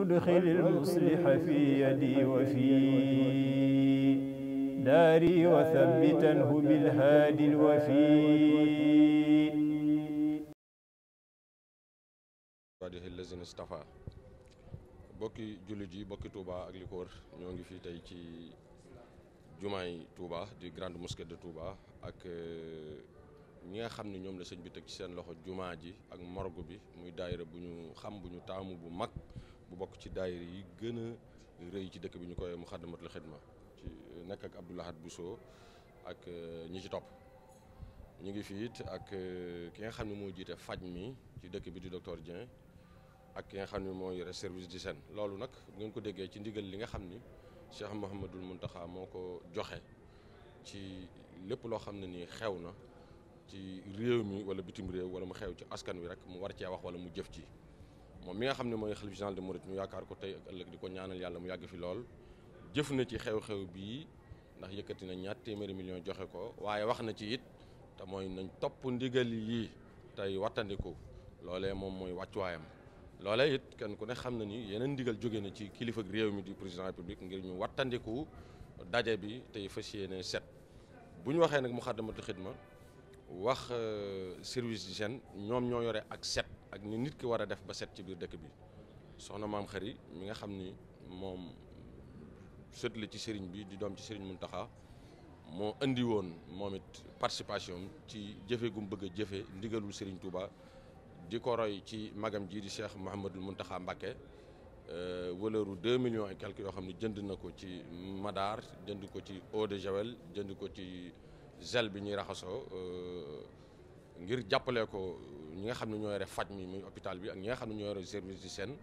أدخل المصلح في يدي وفي داري وثبتنه بالهادي الوفي bokki jullit yi bokki Touba ak li ñoo ngi fii tey ci jumaay Touba di grande mosquée de Touba ak euh, ñi nga xam ni ñoom la sëñ bi teg ci seen loxo jumaa ji ak morgue bi muy daayira bu ñu xam bu ñu taamu bu mag bu bokk ci daayira yi gën a rëy ci dëkk bi ñu koy Muxaddamatul Xidma ci euh, nekk ak Abdou Lahad Bousso ak euh, ñi ci topp ñu ngi fi it ak euh, ki nga xam ne moo jiite faj mi ci dëkk bi di docteur Dieng ak ki xam ne moo yore service d'hygiène loolu nag bu ngeen ko déggee ci ndigal li nga xam ni Cheikh Mouhamadul Mountakha moo ko joxe ci lépp loo xam ne ni xew na ci réew mi wala bitim réew wala mu xew ci askan wi rek mu war cee wax wala mu jëf ci moom mi nga xam ne mooy xalif général de Mouride ñu yaakaar ko tey ak ëllëg di ko ñaanal yàlla mu yàgg fi lool jëf na ci xew-xew bii ndax yëkkati na ñaar téeméeri million joxe ko waaye wax na ci it te mooy nañ topp ndigal yii tey wattandiku loole moom mooy wàccuwaayam loole it kenn ku ne xam na ni yeneen ndigal jóge na ci kilifa ak réew mi di président république ngir ñu wattandiku daje bi tey fas ne set bu ñu waxee nag Moukhaddamatoul Khidma wax euh, service d'hygiène ñoom ñoo yore ak set ak ni nit ki war a def ba set ci biir dëkk bi soxna maam xari mi nga xam ni moom sët ci sëriñ bi di doom ci sëriñ Muntaxa moo indi woon moom it participation ci jëfe gum bëgg a jëfe ndigalul sëriñ Touba di ko roy ci magam jii di Cheikh Mouhamadul Muntaxa Mbacke wëlëru euh, deux millions et quelques yoo xam ne jënd na ko ci Madar jënd ko ci eau de javel jënd ko ci gel bi ñuy raxasoo euh, ngir jàppale ko ñi nga xam ne ñoo yore faj mi muy hôpital bi ak ñi nga xam ne ñoo yore service d'hygiène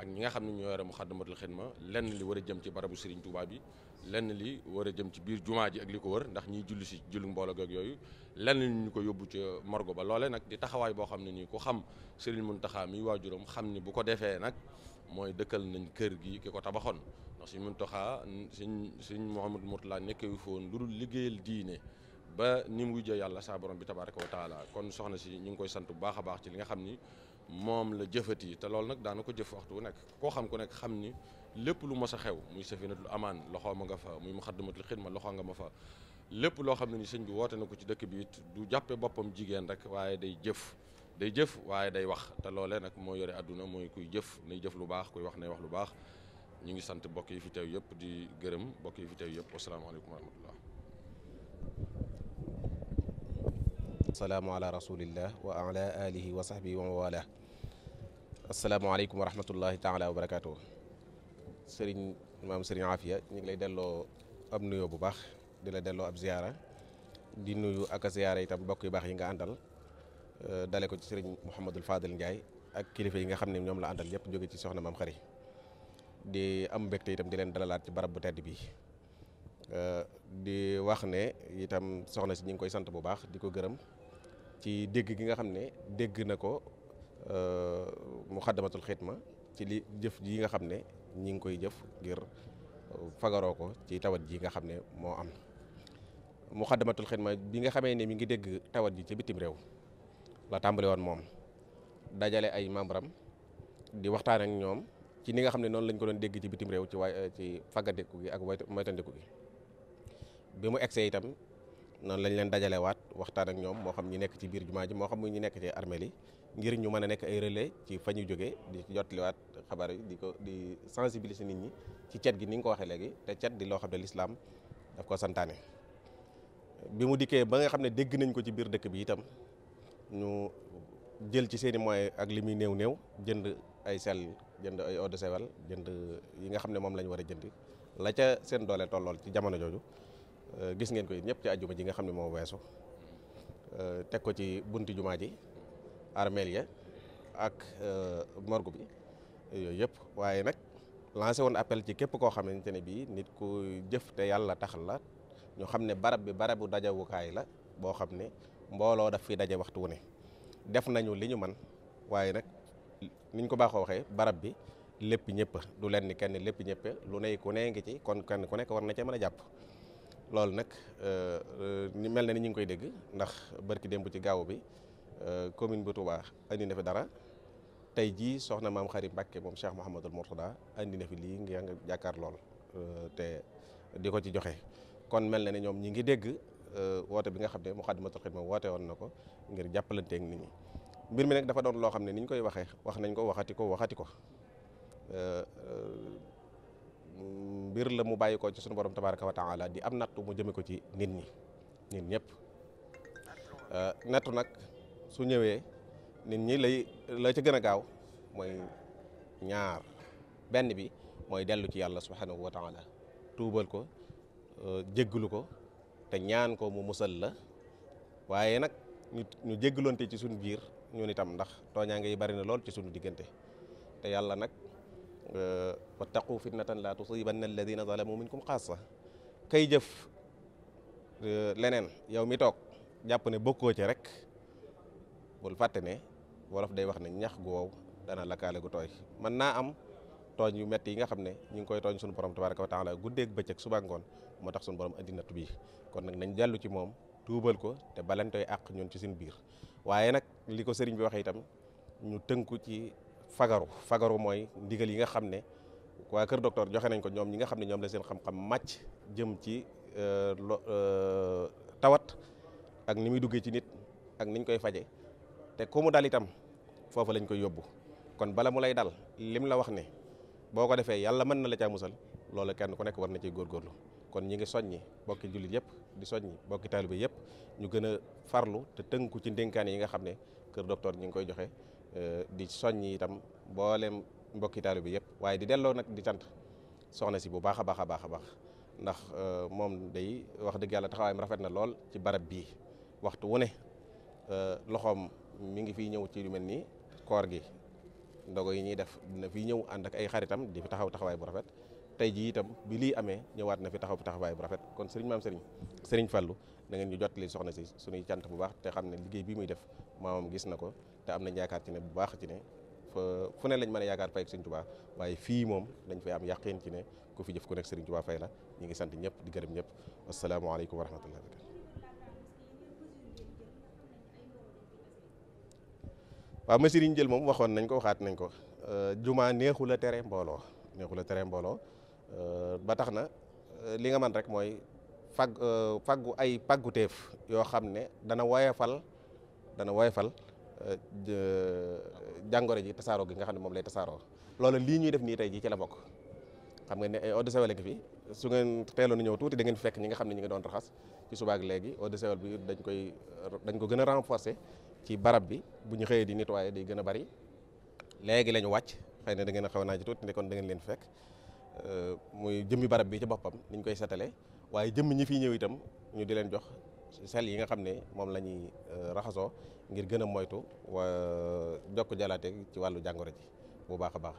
ak ñi nga xam ne ñoo yore Moukhaddamatoul Khidma lenn li war a jëm ci barabu sëriñ Touba bi lenn li war a jëm ci biir jumaa ji ak li ko wër ndax ñiy julli si julli mbooloo ak lenn li ñu ko yóbbu ci morgo ba loole nag di taxawaay boo xam ne nii ku xam Serigne Mountakha mi waajuram xam ni bu ko defee nag mooy dëkkal nañ kër gi ki ko tabaxoon ndax Serigne Mountakha Serigne Serigne Mouhamadou Mourtala nekkee wu foon lu dul liggéeyal diine ba ni mu wujjee yàlla saa borom bi tabaraka wa taala kon soxna si ñu ngi koy sant bu baax a baax ci li nga xam ni moom la jëfat yi te loolu nag daana ko jëf waxtu wu nekk koo xam ko nekk xam ni lépp lu mos a xew muy safinatul amaan loxoo a nga fa muy muxaddamatul ma loxoo nga ma fa lépp loo xam ne ni sëñ bi woote na ko ci dëkk bi it du jàppe boppam jigéen rek waaye day jëf day jëf waaye day wax te loolee nag moo yore àdduna mooy kuy jëf nay jëf lu baax kuy wax nay wax lu baax ñu ngi sant mbokk yi fi yëpp di gërëm mbokk yi fi yëpp wasalaamaaleykum wa wassalaamu ala rasulillah wa ala alihi wa sahbihi wa mawala asalaamaaleykum wa rahmatullahi taala wa barakaatu sëriñ maam sëriñ Afia ñu ngi lay delloo ab nuyoo bu baax di la delloo ab ziyaara di nuyu ak a ziyaara mbokk yu baax yi nga àndal euh, dale ko ci sëriñ Mouhamadul Fadel Ndiaye ak kilifa yi nga xam ne ñoom la àndal yëpp jóge ci soxna maam xari di am mbégte itam di leen dalalaat ci barab bu tedd bi euh, di wax ne itam soxna si ñu ngi koy sant bu baax di ko gërëm ci dégg gi nga xam ne dégg na ko euh, muxaddamatul ma ci li jëf ji nga xam ne ñi ngi koy jëf ngir euh, fagaroo ko ci tawat ji nga xam ne moo am muxaddamatul ma bi nga xamee ne mi ngi dégg tawat ji ca bitim réew la tàmbali woon moom dajale ay membre am di waxtaan ak ñoom ci ni nga xam ne noonu lañ ko doon dégg ci bitim réew ci waay ci faggandiku gi ak moytandiku gi bi mu egsee itam noonu lañu leen dajale waat waxtaan ak ñoom moo xam ñu nekk ci biir jumaa ji moo xam ñu nekk ci armeel yi ngir ñu mën a nekk ay relais ci fa ñu jógee di jotliwaat xabaar yi di ko di sensibiliser nit ñi ci cet gi ni nga ko waxee léegi te cet di loo xam ne lislaam daf ko santaane bi mu dikkee ba nga xam ne dégg nañ ko ci biir dëkk bi itam ñu jël ci seeni moyens ak li muy néew néew jënd ay sel jënd ay eau de javel jënd yi nga xam ne moom la ñu war a jënd la ca seen doole tollool ci jamono jooju Euh, gis ngeen ko it ñëpp ci àjjuma ji nga xam ne moo weesu euh, teg ko ci bunti jumaa ji armeel ya ak euh, morgue bi yooyu yëpp waaye nag lancé woon appel ci képp koo xamante ne bii nit ku jëf te yàlla tax la ñu xam ne barab bi barabu dajawukaay la boo xam ne mbooloo daf fi daje waxtu ne def nañu li ñu man waaye nag niñ ko baaxoo waxee barab bi lépp ñëpp du leen ni kenn lépp ñëpp lu ne ku ngi ci kon kenn ku nekk war na cee mën a jàpp loolu nag ñu euh, mel na ni ñu ngi koy dégg ndax barki démb ci gaaw bi euh, commune bu Touba andi na fi dara tey jii soxna maam Xari Mbàkke moom Cheikh Mouhamadul Mourtada andi na fi lii nga jàkkaar lool euh, te di ko ci joxe kon mel na ne ñoom ñi ngi dégg woote bi nga xam ne Moukhaddamatoul Khidma woote woon na ko ngir jàppalanteeg nit ñi mbir mi nag dafa doon loo xam ne ni ñu koy waxee wax nañ ko waxati ko waxati ko biir la mu bàyyi ko ci sunu borom tabaraka wa taala di am nattu mu jëme ko ci nit ñi nit ñëpp euh, nattu nag su ñëwee nit ñi lay la ci gën a gaaw mooy ñaar benn bi mooy dellu ci yàlla subhanahu wa taala tuubal ko euh, jéggalu ko te ñaan ko mu musal la waaye nag ñu ñu te ci suñu biir ñun itam ndax tooñaa ngay bari na lool ci suñu diggante te yàlla nag wattaqu fitnatan la tusibanna alladina zalamu minkum xaasa kay jëf leneen yow mi toog jàpp ne bokkoo ci rek bul fàtte ne wolof day wax ne ñax gu wow dana lakaale gu tooy mën naa am tooñ yu metti yi nga xam ne ñu ngi koy tooñ suñu borom tabaraka wa taala guddeeg bëccëg suba ngoon moo tax suñu borom andi bi kon nag nañ jàllu ci moom tuubal ko te balantoy àq ñun ci seen biir waaye nag li ko sëriñ bi waxee itam ñu tënku ci fagaru fagaru mooy ndigal yi nga xam ne waa kër docteur joxe nañ ko ñoom ñi nga xam ne ñoom la seen xam-xam màcc jëm ci euh, euh, tawat ak ni muy duggee ci nit ak niñ koy faje te koomu mu dal itam foofu lañ koy yóbbu kon bala mu lay dal lim la wax ne boo ko defee yàlla mën na la caa musal loolu kenn ku nekk war na ciy góorgóorlu kon ñi ngi soññi bokki jullit yëpp di soññi bokki taalibe yëpp ñu gën a farlu te tënku ci ndénkaan yi nga xam ne kër docteur ñi ngi koy joxe Eh, di soññ itam mboolem mbokki taalibe bi yëpp waaye di delloo nag di cant soxna si bu baax a baax a baax a baax ndax eh, moom day wax dëgg yàlla taxawaayam rafet na lool ci barab bii waxtu wu ne eh, loxoom mi ngi fiy ñëw ci lu mel ni koor gi ndogo yi ñuy def dina fi ñëw ànd ak ay xaritam di fi taxaw taxawaay bu rafet tey jii itam bi lii amee ñëwaat na fi taxaw taxawaay bu rafet kon sëriñ maam sëriñ sëriñ Fallou na ngeen ñu jottali soxna si suñuy cant bu baax te xam ne liggéey bii muy def maamam gis na ko te am nañ yaakaar ci ne bu baax ci ne fa fu ne lañ mën a yaakaar fay ak Sëriñ Tuubaa waaye fii moom dañ fay am yàqin ci ne ku fi jëf ku nekk Sëriñ Tuubaa fay la ñu ngi sant ñëpp di gërëm ñëpp asalaamaaleykum wa rahmatullahi wa barakatuh waaw jël moom waxoon nañ ko waxaat nañ ko euh, jumaa neexu la tere mbooloo neexu la tere mbooloo euh, ba tax na euh, li nga man rek mooy fag faggu ay pagguteef yoo xam ne dana woyefal dana woyefal jàngoro ji tasaaroo gi nga xam ne moom lay tasaaroo loolu lii ñuy def nii tey jii ci la bokk xam nga ne eh, eau de javel gi fi su ngeen teeloon nu ñëw tuuti da ngeen fekk ñi nga xam ne ñi ngi doon raxas ci subaak léegi eau de javel bi dañ koy dañ ko gën a renforcer ci barab bi bu ñu xëyee di waaye day gën a bari léegi lañu wàcc xëy ne da ngeen a xaw naa ci tuuti kon da ngeen leen fekk euh, muy jëmmi barab bi ci boppam niñ koy setale waaye jëmm ñi fi ñëw itam ñu di leen jox sel yi nga xam ne moom la ñuy euh, raxasoo ngir gën a moytu wa jokk jalaate ci wàllu jàngoro ji bu baax a baax.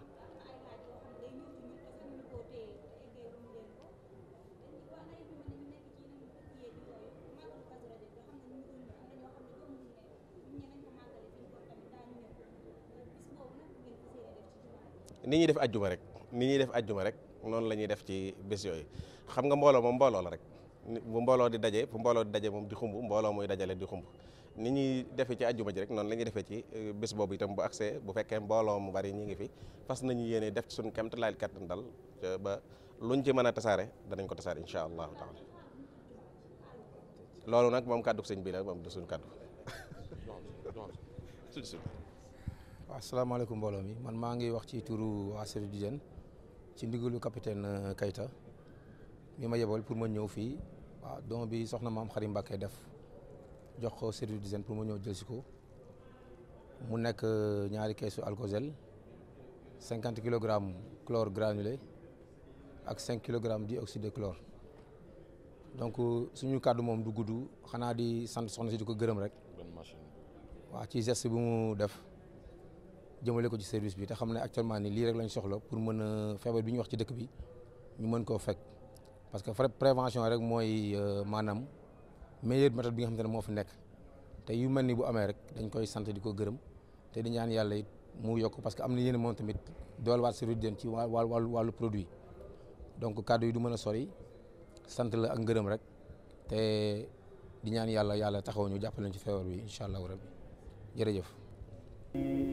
ni ñuy def ajjuma rek ni ñuy def ajjuma rek noonu la ñuy def ci bés yooyu xam nga mbooloo moom mbooloo la rek. bu mbooloo di daje bu mbooloo di daje moom di xumb mbooloo muy dajale di xumb ni ñuy defee ci àjjuma ji rek noonu la ñuy defee ci euh, bés boobu itam bu accès bu fekkee mbooloo mu bari ñi ngi fi fas nañu yéene def ci suñu kemt laayil kàttan dal ba luñ ci mën a tasaare danañ ko tasaare incha allahu loolu nag moom kàddu sëñ bi la moom du suñu kàddu waaw asalaamaaleykum mbooloo mi man maa ngi wax ci turu waa Service d'hygiène ci ndigalu capitaine euh, Kayta mi ma yebool pour ma ñëw fii waaw don bi soxna maam Xarim Mbàkke def jox ko service d'hygiène pour mu ñëw jël si ko mu nekk euh, ñaari keesu alcogel cinquante kilogrammes chlore granulé ak cinq kilogramme dioxyde de chlore donc euh, suñu kàddu moom du gudd xanaa di sant soxna si di ko gërëm rek waaw ci geste bi mu def jëmale ko ci service bi te xam ne actuellement ni lii rek lañ soxla pour mën a feebar bi ñu wax ci dëkk bi ñu mën koo fekk parce que prévention rek mooy euh, maanaam meilleure méthode bi nga xamante ne moo fi nekk te yu mel ni bu amee rek dañ koy sant di ko gërëm te di ñaan yàlla it mu yokk parce que am na yéen moom tamit dool waat si Ruuj ci wàllu wàllu produit donc kàddu yi du mën a sori sant la ak gërëm rek te di ñaan yàlla yàlla taxaw ñu jàppale nañ ci feebar bi incha allahu rabbi jërëjëf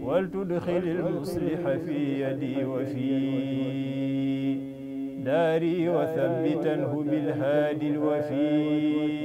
wal tudxilil musliha fi yadi wa داري وثبته بالهادي الوفي